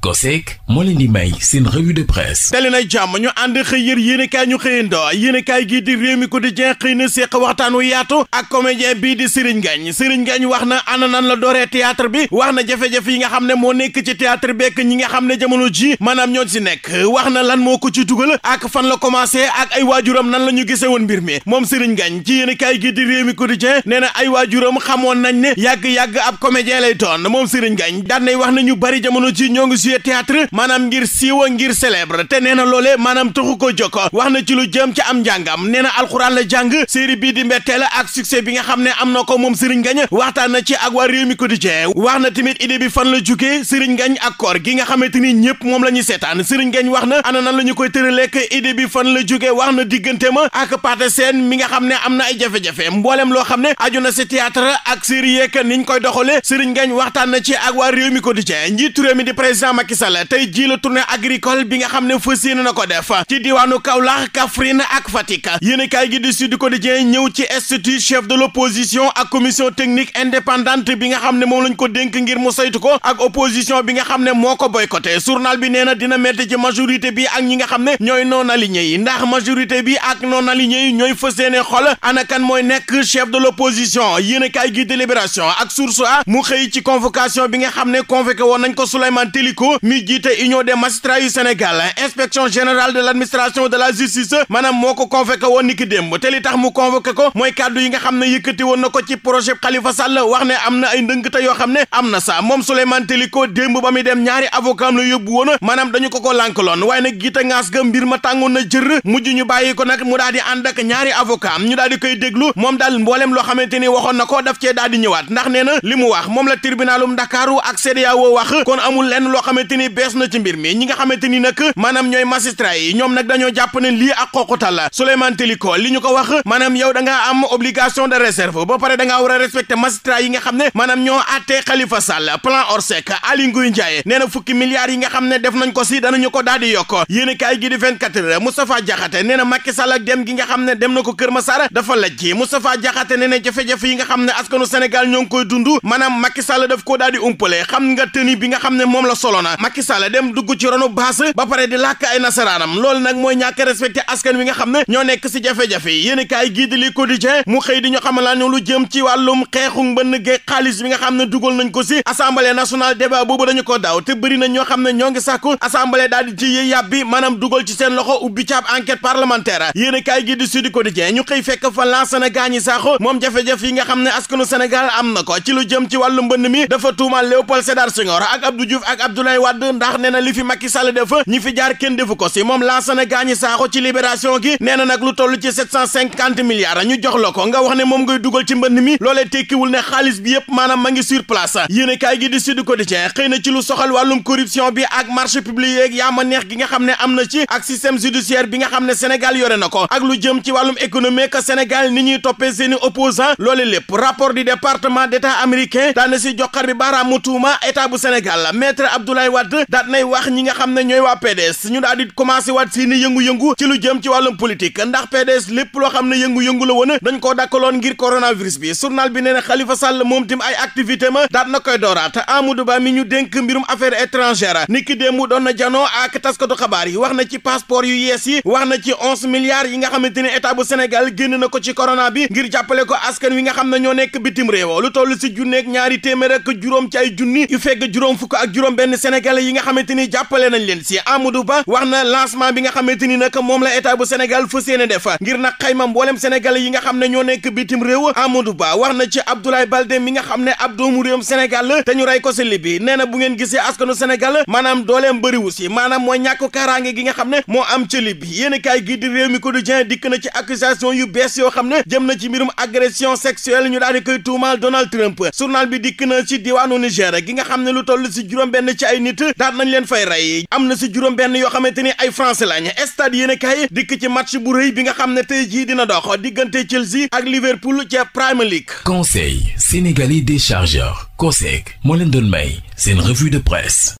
COSEC moo leen di may seen revue de presse dali na jàmm ñu ànd xëy yër yéen i kaay ñu xëyandoo yéen i kaay gii di réew mi quotidien xëy na séq waxtaan wu yaatu ak comédien bii di Serigne Ngagne Serigne Ngagne wax na ana nan la dooree théâtre bi wax na jafe-jafe yi nga xam ne moo nekk ci théâtre bekk ñi nga xam ne jamono ji maanaam ñoo si nekk wax na lan moo ko ci dugal ak fan la commencé ak ay waajuram nan la ñu gisee woon mbir mi moom Serigne Ngagne ci yéen i kaay gii mi quotidien nee na ay waajuram xamoon nañ ne yàgg-yàgg ab comédien lay doon moom Serigne Ngagne daan nay wax na ñu bari jouer théâtre maanaam ngir siiwa ngir célèbre te nee na loolee maanaam taxu ko jokko wax na ci jëm ci am njàngam nee na alxuraan la jàng série bii di mbetteel ak succès bi nga xam ne am na ko moom Serigne Ngagne waxtaan ci ak waa Rewmi Quotidien wax na tamit idée bi fan la jugee Serigne Ngagne ak koor gi nga xamante ni ñëpp moom la ñuy seetaan Serigne Ngagne wax na ana nan la ñu koy tëraleek idée bi fan la jugee wax na diggante ma ak Pathé Sène mi nga xam ne am na ay jafe-jafe loo xam ne aju na si théâtre ak série yeek niñ koy doxalee Serigne Ngagne Macky Sall tey jii la tournée agricole bi nga xam ne fas na ko def ci diwaanu Kaolack Kaffrine ak Fatick yéen kaay gi di Sud Quotidien ñëw ci institut chef de l'opposition ak commission technique indépendante bi nga xam ne moom lañ ko dénk ngir mu saytu ko ak opposition bi nga xam ne moo ko boy boycotté journal bi nee na dina met ci majorité bi ak ñi nga xam ne ñooy non aligné yi ndax majorité bi ak non aligné yi ñooy fas yéene xol ana kan mooy nekk chef de l'opposition yéen kaay gi di Libération ak Source A mu xëy ci convocation bi nga xam ne convoqué woon nañ ko Souleymane Téliko Diouf mi i union des magistrats yu Sénégal inspection générale de l' administration de la justice maanaam moo ko convoqué woon ni ki démb te li tax mu convoqué ko mooy kàddu yi nga xam ne yëkkati woon na ko ci projet Khalifa Sall wax ne am na ay ndëngte yoo xam ne am na sa moom Souleymane Teliko démb ba muy dem ñaari avocat am la yóbbu woon maanaam dañu ko ko lànkaloon waaye nag giita ngaas ga mbir ma tàngoon na jër mujj ñu bàyyi ko nag mu daal di ànd ak ñaari avocat am ñu daal di koy loo xamante ni waxoon na ko daf cee daal di ñëwaat ndax na li mu wax moom la tribunalum Dakaaru xamante ni bees na ci mbir mi ñi nga xamante ni nag maanaam ñooy magistrat yi ñoom nag dañoo jàpp ne lii ak xooqutal la Souleymane Teliko li ñu ko wax maanaam yow da ngaa am obligation de réserve ba pare da ngaa war a yi nga xam ne maanaam ñoo àttee la Sall plan Orsec Aly Ngouille Ndiaye nee na fukki milliards yi nga xam ne def nañ ko si danañu ko daal di yokk yéen kaay gi di 24 heures Moustapha Diakhaté dem gi nga xam ne dem na ko Kër Massar dafa lajj Moustapha Diakhaté nee nga xam ne askanu Sénégal ñoo ngi koy dund maanaam Macky Sall daf koo daal di umpale xam nga tëni nga xam ne moom la solo Macky Sall dem dugg ci ronu baas ba di làkk ay nasaraanam loolu nag mooy ñàkk respecté askan wi nga xam ne ñoo nekk si jafe-jafe yi yéen kaay gii di li quotidien mu xëy di bi nga xam ne dugal nañ ko ko daaw te bëri na ñoo xam ne ñoo ngi sàkku assemblée daal di ci yëy yàbbi maanaam dugal ci seen loxo ubbi caab enquête parlementaire yéen kaay gii di sud quotidien ñu xëy fekk fa Lansana Gagny Sakho moom jafe-jafe yi nga xam ne askanu Sénégal am na ko ci lu jëm ci wàllu mbënn mi dafa tuumal Léopold Sédar Wade ndax nee na li fi Macky Sall def ñi fi jaar kenn defu ko si moom Lansana Gagny Sakho ci libération gi nee na nag lu toll ci sept cent cinquante milliards ñu jox la ko nga wax ne moom ngay dugal ci mbënn mi loolee tekkiwul ne xaalis bi yëpp maanaam ma ngi sir place yéen kaay gi di Sud Quotidien xëy na ci lu soxal wàllum corruption bi ak marché public yeeg yaa ma neex gi nga xam ne am na ci ak système judiciaire bi nga xam ne Sénégal yore na ko ak lu jëm ci wàllum économie que Sénégal ni ñuy toppee seeni opposant loole lépp rapport du département d'état américain daana si joxar bi baaraamu tuuma état bu Sénégal maître Abdoulaye Wade daat nay wax ñi nga xam ne ñooy waa PDS ñu daal di commencé waat seen i yëngu-yëngu ci lu jëm ci wàllum politique ndax PDS lépp loo xam ne yëngu-yëngu la woon dañ koo dakkaloon ngir coronavirus bi journal bi nee na Khalifa Sall moom tim ay activité ma daat na koy dooraat Amadou Ba mi ñu dénk mbirum affaires étrangères niki démb doon na janoo ak taskatu xabaar yi wax na ci passeport yu yees yi wax na ci onze milliards yi nga xamante ne état bu Sénégal na ko xam ne ñoo nekk bitim sénégalais yi nga xamante ni jàppale nañ leen si Amadou Ba na lancement moom la état bu Sénégal fas yéene ngir nag xayma mboolem sénégalais yi nga xam ne ñoo bitim réew Amadou Ba wax na ci Abdoulaye Baldé mi nga xam ne ab doomu réewum Sénégal la te ñu rey ko si Libye nee na bu ngeen gisee askanu Sénégal maanaam dooleem bëriwu si maanaam mooy ñàkk kaaraange gi nga xam ne moo am ci Libye yéen kaay gi réew mi quotidien dikk na ci accusation yu bees yoo xam ne jëm na ci mbirum ay nit daat nañ leen fay rey am na si juróom benn yoo xamante ni ay français lañ stade yéen a kaay dikk ci match bu rëy bi nga xam ne tey jii dina dox diggante Chelsea ak Liverpool ca Premier League. Conseil sénégalais des chargeurs COSEC moo leen doon may seen revue de presse.